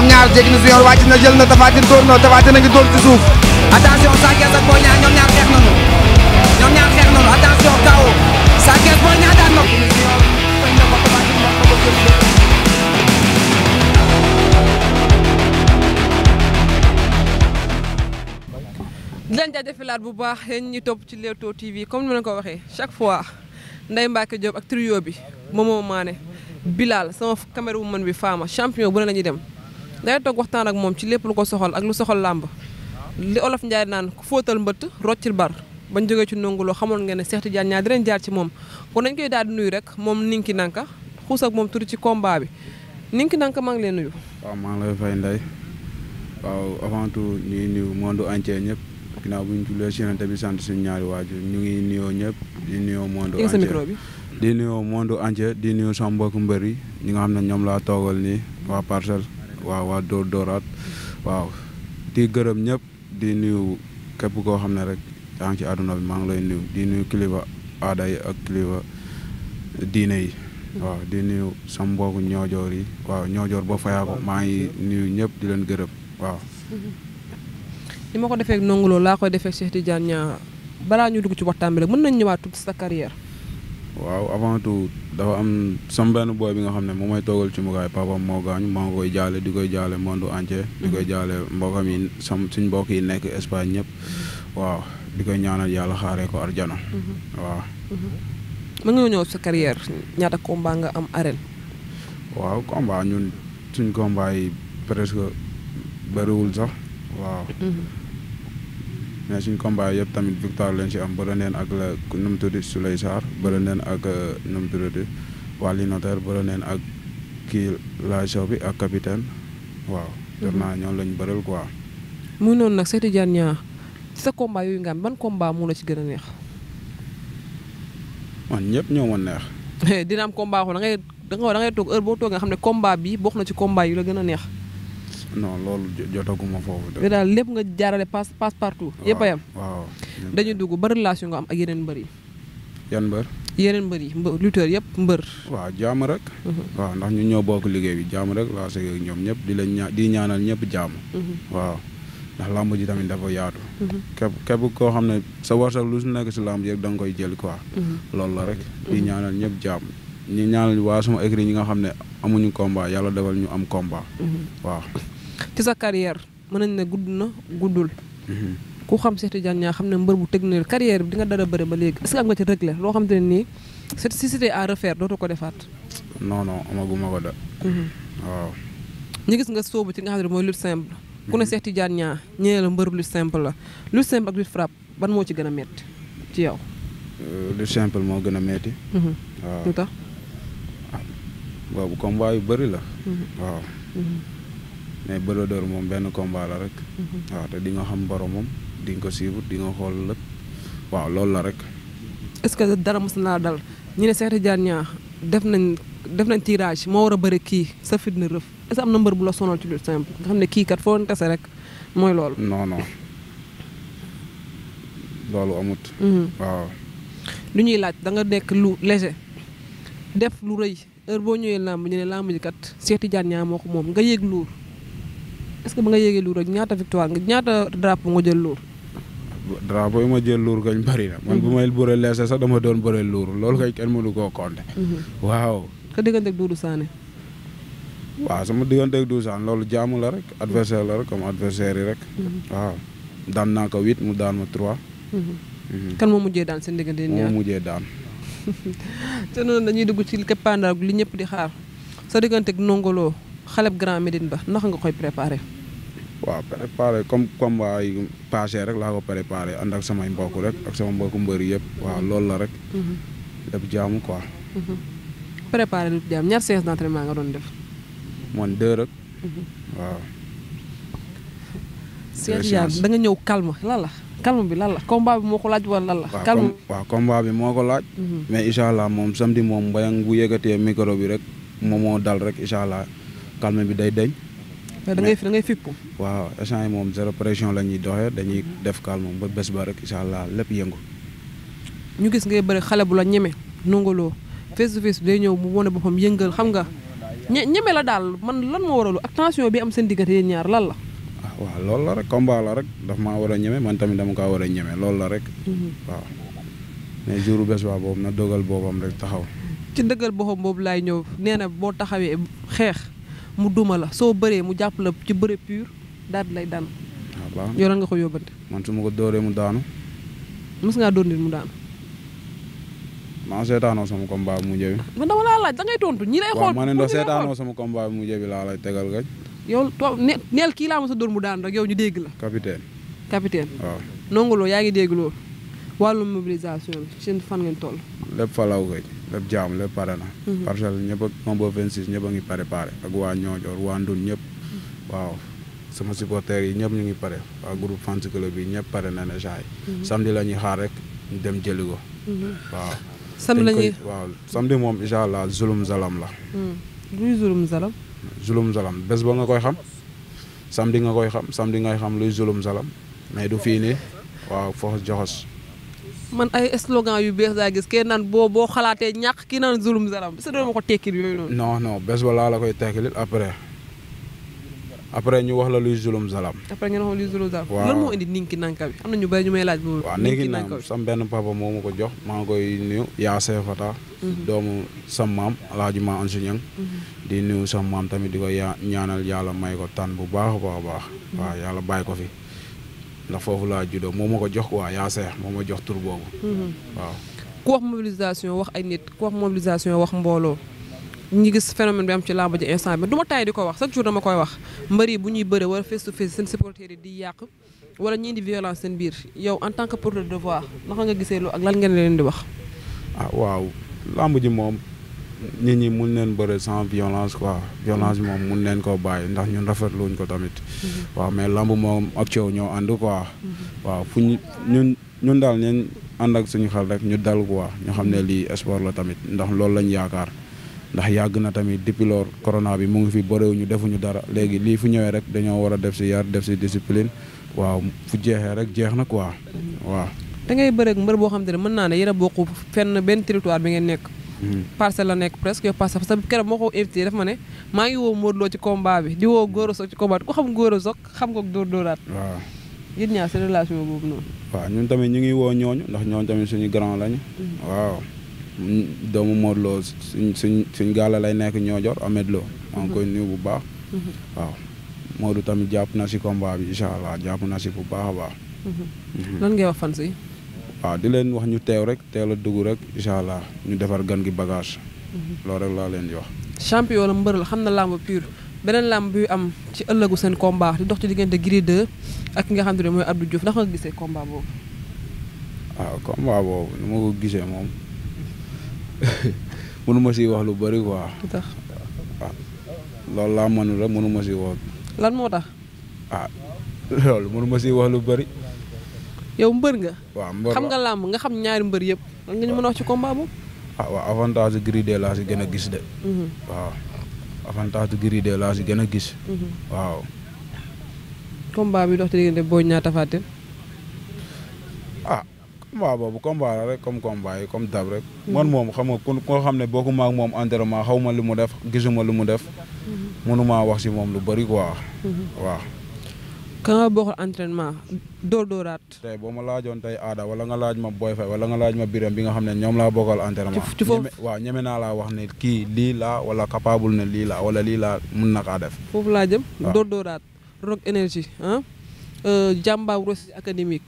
ñoom ñaar jéggi na si yoon wàcc na jël na Tapha Tine bu baax yéen ñu topp ci Leewtoo TV comme ni ma leen ko waxee chaque fois Ndeye Mbacke Diop ak trio bi moom moo maane Bilal sama caméra bu man bi Fama champion bu ne la dem ngay toog waxtaan ak moom ci lépp lu ko soxal ak lu soxal làmb li olof njaay naan ku fóotal mbëtt roccil bar bañ jógee ci nonguloo xamoon ngeen ne Cheikh Tidiane ñaar dinañ jaar ci moom kon nañ koy daal di nuyu rek moom ninki nanka xuus ak moom tudd ci combat bi ninki nanka maa ngi leen nuyu maa ngi lay nday waaw avant tout ñuy nuyu monde entier ñëpp ginnaaw bu ñu jullee si yonent bi sant suñu ñaari ñu ngi nuyoo ñëpp di nuyoo monde entier sa bi di nuyoo monde entier di nuyu sama mbokk mbër yi ñi nga xam ne ñoom laa toogal nii waa parcelle waaw waa Dóor Dóoraat waaw di gërëm ñëpp di nuyu képp koo xam ne rek yaa ngi ci àdduna bi maa ngi lay nuyu di nuyu kilifa aada yi ak kilifa diine yi. waaw di nuyu sama mbokku ñoojoor yi waaw ñoojoor ba fayaa ko maa ngi nuyu ñëpp di leen gërëm waaw. ni ma ko defee ak Ndongo laa koy defee Cheikh Tidiane Niang balaa ñu dugg ci waxtaan bi rek mën nañ ñëwaat tuuti sa carrière. waaw avant tout dafa am sama benn booy bi nga xam ne moom mooy toogal ci mukaay papam moo gaañ maa ngi koy jaale di koy jaale monde entier. di koy mhm. jaale mbokkam yi sam suñ mbokk yi nekk Espagne ñëpp waaw di koy ñaanal yàlla xaaree ko arjana mhm. waaw. Mhm. mën nga ñëw sa carrière ñaata combat nga am arène. waaw combat ñun suñ combat yi presque bëriwul sax waaw. mais suñ combat yëpp tamit victoire lañ si am bëri neen ak la nu mu tudd Souley Sarr bëri neen ak euh, nu mu tudd Waly Notaire bëri neen ak kii la show bi ak capitaine waaw. Mhm. jot naa ñoom lañ bëril quoi. muy noonu nag Cheikh Tidiane Niang sa combat yooyu nga ban combat moo la ci gën a neex. man ñëpp ñoo ma neex. dina am combat xul da ngay da ngay toog heure boo toog xam ne combat bi bokk na ci combat yu la gën a neex. non loolu jotaguma foofu. dëgg daal lépp nga jaarale passe passe partout. waaw yëpp a yem waaw. dañuy dugg ba relation nga am ak yeneen mbër yi. yan mbër. yeneen mbër yi mbë lutteur yëpp mbër. waaw jaamu rek. Mhm. waaw ndax ñu ñëw bokk liggéey bi jaamu rek laa sëgg ak ñoom ñëpp di leen ña di ñaanal ñëpp jaamu. Mhm. waaw làmb ji tamit dafa yaatu. Mhm. képp koo xam ne sa warsax lu si làmb ji rek da koy jël quoi. loolu la ñaanal ñëpp jaamu. ñu ñaanal waa sama écrit ñi nga xam ne amuñu combat yàlla defal ñu am komba waaw. ci sa carrière mën nañ ne gudd na guddul. ku xam Cheikh Tidiane ñaa xam ne mbër bu technique carrière bi di nga dara bëre ba léegi est-ce que am nga ci régler loo xam te ne nii si c'était à refaire dootu ko defaat. non amaguma ko da mhm. waaw. ñu gis nga sóobu ci nga xam ne mooy lutte simple. ku ne mhm. Cheikh Tidiane Niang ñëwee la mbër lutte simple la lutte simple ak lutte frappe ban moo ci gën a métti ci yow. Euh, lutte simple moo gën a métti. Mhm. waaw lu tax. Ah, waaw la. waaw. mais Balla Dóor moom benn combat la rek. Mhm. waaw te di nga xam boromam moom nga ko suivre di xool lépp waaw loolu la rek. est-ce que dara mos naa dal ñu ne Cheikh Tidiane Niang def nañ def nañ tirage moo war a kii sa fit na am na mbër bu la sonal ci lutte simple nga xam ne kii kat foo tase rek mooy loolu. non non loolu amut. Mhm. waaw. lu ñuy laaj danga nga nekk lu léger def lu rëy heure boo ñëwee làmb ñu ne làmb ji kat Cheikh Tidiane Niang moo ko moom nga yëg luur. est-ce que ba nga yéegee Lour rek ñaata victoire ñaata drapeau nga jël Lour. drapeau yi ma jël Lour kañ bari man bu mhm. may bëree leese sax dama doon bëree Lour loolu kañ kenn mënu koo compter. Mhm. waaw. ka digganteeg Doudou Sané. waaw sama digganteeg Doudou Sané loolu jaamu la rek mhm. adversaire la rek comme adversaire rek. waaw daan naa ko huit mu daan ma trois. kan moo mujjee daan seen diggante ñaar moo mujjee daan. te dañuy dugg ci keppaandaal di xaar sa digganteeg nongolo. xaleb Grand Médine ba naka nga koy préparé. waaw préparé comme combat yi passé rek laa ko préparé ànd ak samay mbokk rek ak sama mbokku mbëri yëpp waaw mhm. loolu la rek. lépp mhm. jaamu quoi. Mhm. préparé lu jaam ñaar séance d'entraînement nga doon def. man deux waaw. séance jaam da ñëw calme lan calme bi lan la combat bi moo ko laaj wala lan la. calme bi moo ko laaj. mais incha allah moom samedi moom mbayang bu yëkkatee bi rek moom moo dal rek incha calme bi day deñ mais da ngay da fippu. waaw instant yi moom zéro pression la ñuy doxee dañuy def calme ba bés ba rek incha allah lépp yëngu. ñu gis ngay bëri xale bu la ñeme nongoloo face to face day ñëw mu wane boppam yëngal xam nga ñe ñeme la daal man lan moo waralu ak tension bi am seen diggante yéen ñaar lan la. ah waaw loolu la rek combat la rek daf maa war a ñeme man tamit dama kaa war a ñeme loolu la rek. Mhm. waaw mais jour bés ba boobu na dogal boobam rek taxaw. ci dëggal boppam laay ñëw nee na boo taxawee xeex. mu duma la soo bëree mu jàpp la ci bëre pur daal lay daan. waaw ah, yow nga ko yóbbante. man su ma ko dóoree mu daanu. mës ngaa dóor nit mu daanu. maa seetaanoo sama combat bi mu ah, jëbi. man dama laa tontu ñi lay ma ne ndax sama combat bi mu jëbi laa lay tegal gañ. yow to neel kii laa ma sa dóor mu daanu rek yow ñu dégg la. capitaine. capitaine waaw. yaa ngi dégg loolu. wàllum mobilisation bi seen fan ngeen toll. lépp falaw koy lépp jaam lépp pare na. Mhm. parcelle ñëpp ak moom boobu ñëpp a ngi préparé ak waa Niodior waa Ndun ñëpp. Mhm. waaw sama supporters yi ñëpp ñu ngi pare waa groupe fans yi ñëpp pare na ne saa yi. Mhm. samedi la ñuy xaar rek ñu dem jëli ko. waaw. samedi la ñuy waaw moom incha allah zulum zalam la. luy zulum zalam. zulum zalam bés ba nga koy xam samedi nga koy xam samedi ngay xam luy zulum zalam mais du fii nii waaw foofu joxos man ay slogan yu bees daa gis kenn naan boo boo xalaatee ñàkk kii naan zulum zaram sa ko tekkil yooyu noonu. non ba laa la koy tekkil après après ñu wax la luy zulum zalam. après ñu wax luy zulum zalam. waaw lan moo indi ninki nanka bi am na ñu bari ñu may laaj. boobu ninki nanka bi sam benn papa moo ko jox maa ngi koy nuyu. yaa see mhm. doomu sam maam alaaji maa ansuñang mhm. di nuyu sam maam tamit di ko ñaanal yàlla may ko tan bu baax a baax a baax. Mhm. waaw yàlla ko fi. ndax foofu laa juddoo moo ma ko jox quoi yaa seex moo ma jox tur boobu. Mhm. waaw ku wax mobilisation wax ay nit ku wax mobilisation wax mbooloo. ñi gis phénomène bi am ci làmb ji instant bi du ma taay di ko wax sa jour dama koy wax mbari bu ñuy bëre war face to face seen supporters yi di yàq wala ñii di violence seen biir yow en tant que porteur de voix naka nga gisee loolu ak lan ngeen leen di wax. ah waaw làmb ji moom nit ñi mun neen bëre sans violence quoi violence bi moom mun leen koo bàyyi ndax ñun rafetluñ ko tamit. Mm-hmm. waaw mais lamb moom ak coow ñoo ànd quoi. Mm-hmm. waaw fu ñu ñun ñun daal ñeen ànd ak suñu xel rek ñu dal quoi ñu xam ne mm-hmm. lii sport la tamit ndax loolu lañ yaakaar ndax yàgg na tamit depuis lors corona bi mu ngi fi bëriwuñu defuñu dara léegi lii fu ñëwee rek dañoo war def si yar def si discipline waaw fu jeexee rek jeex na quoi waaw. da ngay bëreeg mbër boo xam te ne mën naa ne yéen a bokk benn territoire bi ngeen nekk. parcelle la nekk presque yow parce que keroog moo ko invité daf ma ne maa ngi woo Modou ci combat bi di woo Gora Sock ci combat bi ku xam Gora Sock xam nga dóor dóoraat. waaw yéen ñaar seen boobu noonu. ñun tamit ñu ngi woo ñooñu ndax ñooñu tamit suñu grand lañu. Mm-hmm. waaw mm, doomu Modou Lo suñ suñ suñ gaala lay nekk ñoojoor Ahmed Lo. maa mm-hmm. bu baax. Mm-hmm. waaw Modou tamit jàpp na si combat bi incha allah jàpp na si bu baax a baax. lan ngay wax fan si. waaw di leen wax ñu teew rek teel a dugg rek incha allah ñu defar gan gi bagage. Mhm. loolu rek laa leen di wax. champion la mbër la xam na làmb pur beneen làmb bi am ci ëllëgu seen combat di dox ci diggante Gris 2 ak ki nga xam te ne mooy Abdou Diouf ndax nga gisee combat boobu. waaw combat boobu ni ma ko gisee moom mënuma si wax lu bari quoi. tax waaw ah, loolu laa mënu rek mënu si wax. lan moo tax. ah loolu mënu si wax lu bari yow mbër nga. waaw mbër xam nga làmb nga xam ñaari mbër yëpp. lan nga ñu mën a wax ci combat ah, gën a gis de. Mhm. waaw avantage gën a gis. Mhm. bi dox te diggante Boy Niang Tapha Tine. ah combat boobu combat la rek comme combat yi comme dab rek. Mhm. man moom xam nga ku koo xam ne bokkuma ak moom entraînement xaw ma lu mu def gisuma lu mu def. mënuma wax si moom lu bëri quoi. waaw. ka nga bokkul entraînement dóor dooraat tey boo ma laajoon tey aada wala nga laaj ma booy Faye wala nga laaj ma Biram bi nga xam ne ñoom laa bokkal entraînement. ci foofu waaw ñeme naa laa wax ne kii lii laa wala capable ne lii laa wala lii laa mun na kaa def. foofu laa jëm. waaw dóor dóoraat rock énergie ah. Euh, jàmbaaw Rossi académique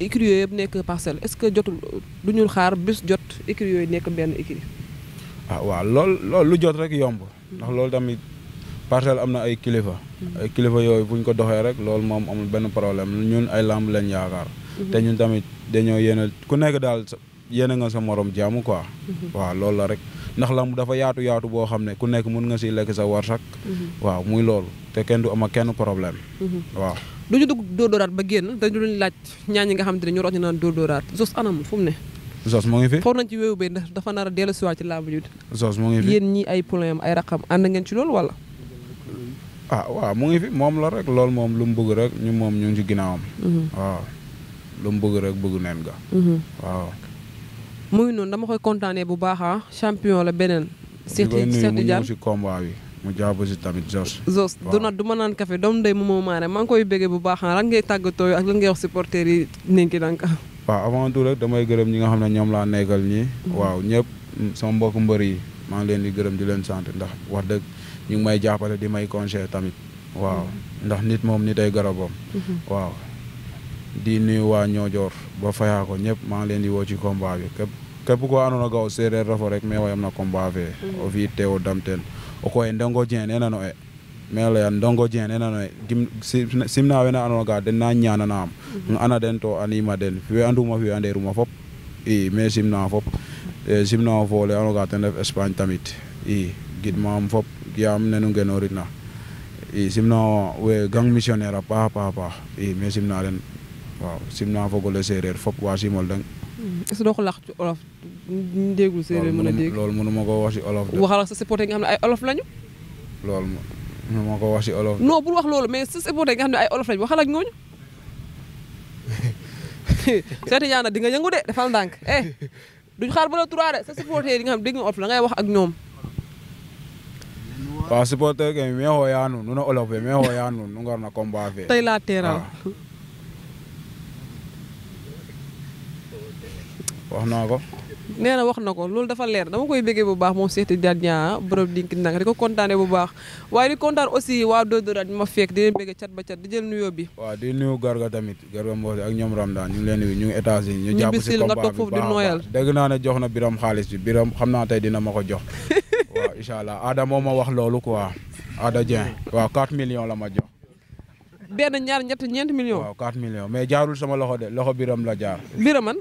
écurie yooyu yëpp nekk parcelle est-ce que jotul du ñu xaar bés jot écurie yooyu nekk benn écurie. ah waaw lool lu jot rek yomb. ndax loolu tamit. parcelle am na ay kilifa. Mm-hmm. ay kilifa yooyu bu ñu ko doxee rek loolu moom amul benn problème ñun ay lamb lañ yaakaar. Mm-hmm. te ñun tamit dañoo yéene ku nekk daal yéene nga sa moroom jaamu quoi. Mm-hmm. waaw loolu la rek ndax lamb dafa yaatu yaatu boo xam ne ku nekk mën nga si lekk sa war warsak. waaw muy loolu te kenn du am kenn problème. waaw. du ñu dugg dóor dóoraat ba génn dañu leen laaj ñaan ñi nga xam te ne ñu root ñu naan dóor dóoraat Zoss anam fu mu ne. Zoss mu ngi fi foog nañ a dellusiwaat ànd ngeen ci loolu wala ah waaw mu ngi fi moom la rek loolu moom lu mu bëgg rek ñu moom ñu ngi ci ginnaawam. Mhm. waaw lu mu bëgg rek bëgg neen ga mhm. waaw. mu noonu dama koy kontaanee bu baax ah champion la beneen. Cheikh Cheikh Tidiane ci combat bi mu jàpp si tamit Jos. Jos du nag du ma naan kafe doomu ndey mu moo maane maa ngi koy bëggee bu baax ah lan ngay tàggatoo ak la ngay wax supporters yi Ninki Danka. waaw avant tout rek damay gërëm ñi nga xam ne ñoom laa nekkal ñii. Mhm. waaw ñëpp mm, sama mbokk mbër yi maa ngi leen di gërëm di leen sant ndax wax dëgg. ñu may jàppale di may conseil tamit waaw ndax nit moom nit ay garabam mhm. waaw di nuyu waa ñoojoor ba fayaa ko ñëpp maa ngi leen di woo ci combat bi képp képp ko andoona gaw rek mais wayam na combat fee mhm. o fii tewo damteen o koye ndongo jeen enano e mais leya ndongo jeen enano e simna wene andoona ga den na ñaananaam mhm. ana den to anima den we anduma fi anderuma fop i mais simna fop e, simna o foole andoona ga ten ref Espagne tamit i gidmaam fop qiyaamneno ngenoritna i simna we gang missionnaire a paax a paax a paax i mais simna den waaw simna fogole seereer fop waa simol deng mm, est-ce que doo ko lax ci olof déggul séeréer mën a dégg loolu mënu ma ko wax si olof waxal sa supporter nga xam ne ay olof lañu ma ko wax a olof non bul wax loolu mais sa supporter nga xam ne ay olof lañu waxal ak ñooñu seeti nga yëngu de defal ndànk eh, ba la trois de sa supporter nga xam ne dégg nga olof la ngay wax ak ñoom waaw supporter ke mi hooyaa nun nuno olof fe mi hooyaa nun nu ngarna combat fe tey laa teeral ah. wax naa ko nee na wax na ko loolu dafa leer dama koy bëggee bu baax moom Cheikh Tidiane Niang ah, borom dinki nag di ko kontaane bu baax waaye di kontaan aussi waa Dóor ñu ma fekk di leen bëggee cat ba cat di jël nuyoo bi waa di nuyu Garga tamit Garga Mbossé ak ñoom Ramdan ñu ngi leen di ñu États-Unis ñu jàpp si combat bi baax dégg naa ne jox na Biram xaalis bi Biram xam dina ma ko jox waaw incha allah Ada moo ma wax loolu ko quoi Ada Dieng waaw 4 millions la ma jox. benn ñaar ñett ñeent millions. waaw 4 millions mais jaarul sama loxo de loxo biram la jaar. biram man.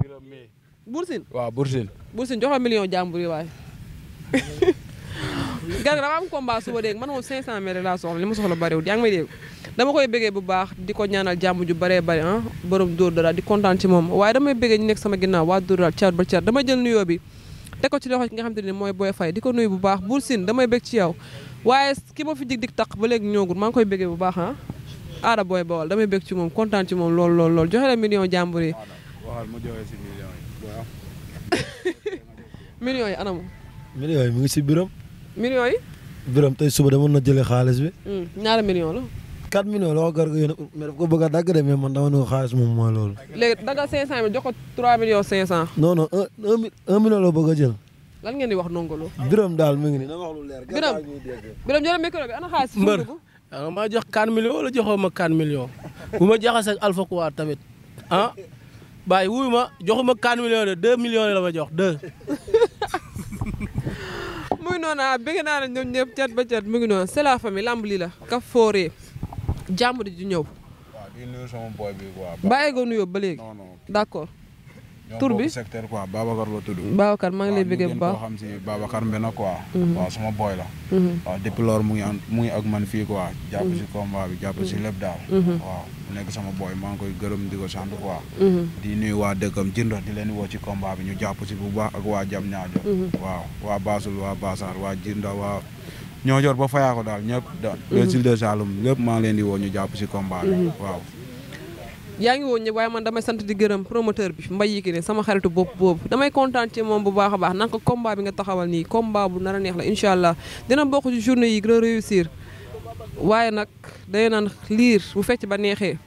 biram mi. Boursine. waaw Boursine. Boursine jox la million jàmbur yi waaye. gar dama am combat suba dégg man moom 500 laa soxla li ma soxla bariwul yaa ngi may dégg dama koy bëggee bu baax di ko ñaanal jàmm ju bëree bëri ah borom dóor dara di kontaan ci moom waaye damay bëggee ñu nekk sama ginnaaw waa dóor dara caat dama jël nuyoo bi. teg ko ci loxo ki nga xam xamante ni mooy booy fay di ko nuyu bu baax Bour Sine damay bég ci yow waaye ki ma fi jig dik taq ba léegi ñoogul maa ngi koy bégee bu baax ah aada booy bawal damay bég ci moom kontaan ci moom lool lool lool joxe la million jàmbur yi millions yi anamu millions yi mu ngi si biram millions yi biram tey suba demoon na jële xaalis bi hmm, ñaara million la 4 millions la ko gar yéen mais daf ko bëgg a dagg de mais man dama ne ko xaalis moom mooy loolu. léegi daggal 500 million la bëgg a jël. lan ngeen di wax nongolo. biram daal mi ngi nii na wax lu leer. biram biram jël micro bi ana xaalis. mbër wala joxoo ma 4 millions bu ma jaxase ak Alpha Kouar tamit ah ma joxuma 4 millions de 2 la ma jox 2. muy noonu ah bëgg naa ne ñoom ñëpp ba cat mu ngi noonu la famille lamb lii ka fooree. jàmbur ji ñëw. waaw di nuyu sama boy bi quoi. bàyyi ko nuyoo ba léegi. non non d' accord. tur bi secteur quoi Babacar la tudd. Babacar maa ngi lay bëggee bu baax xam si Babacar Mbena quoi. Mhm. waaw sama boy la. Mhm. waaw depuis mu ngi mu ak man fii quoi. jàpp si mhm. combat bi jàpp si lépp daal. waaw mu nekk sama boy maa ngi koy gërëm di ko sant quoi. di nuyu waa dëkkam Jindo di leen woo ci combat bi ñu jàpp si bu baax ak waa Jam ñaajo waaw waa Basul waa Basar waa Jindo waa. ñoo jor ba fayaa daal ñëpp daal mhm. le sil de Saloum maa ngi leen di woo ñu jàpp si combat bi mhm. waaw yaa ngi woon ñëpp waaye man damay sant di gërëm promoteur bi Mbaye Yékini sama xaritu bopp boobu damay kontaan ci moom bu baax a baax naka combat bi nga taxawal nii combat bu nar neex la incha allah dina bokk ci journée yi gën waaye nag day naan liir bu fecc ba neexee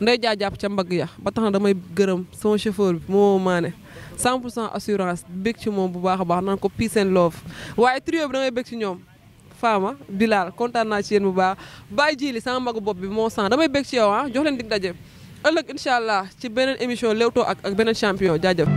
nday jaajàpp ca mbagg ya ba damay gërëm sama chauffeur bi moo maane 100 pour cent assurance bég ci moom bu baax a baax naan ko peace and love waaye trio bi damay bég ci ñoom Fama Bilal kontaan naa ci yéen bu baax bàyyi jiili sama magu bopp bi moo sang damay bég ci yow ah jox daje ëllëg incha ci beneen émission Leewtoo ak ak beneen champion jaajëf.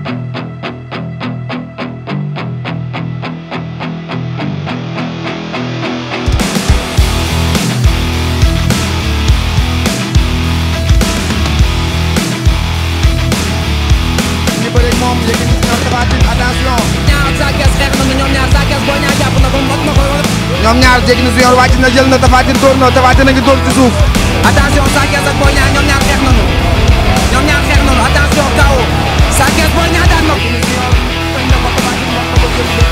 ñoom ñaar jéggi na junior wàcc na jël na tafaatin dóor na tafaatin a ngi dóor ci suuf attention Sa Thiès ñoom ñaar xeex nañu ñoom ñaar xeex nañu attention kaw Sa Thiès Boy daan na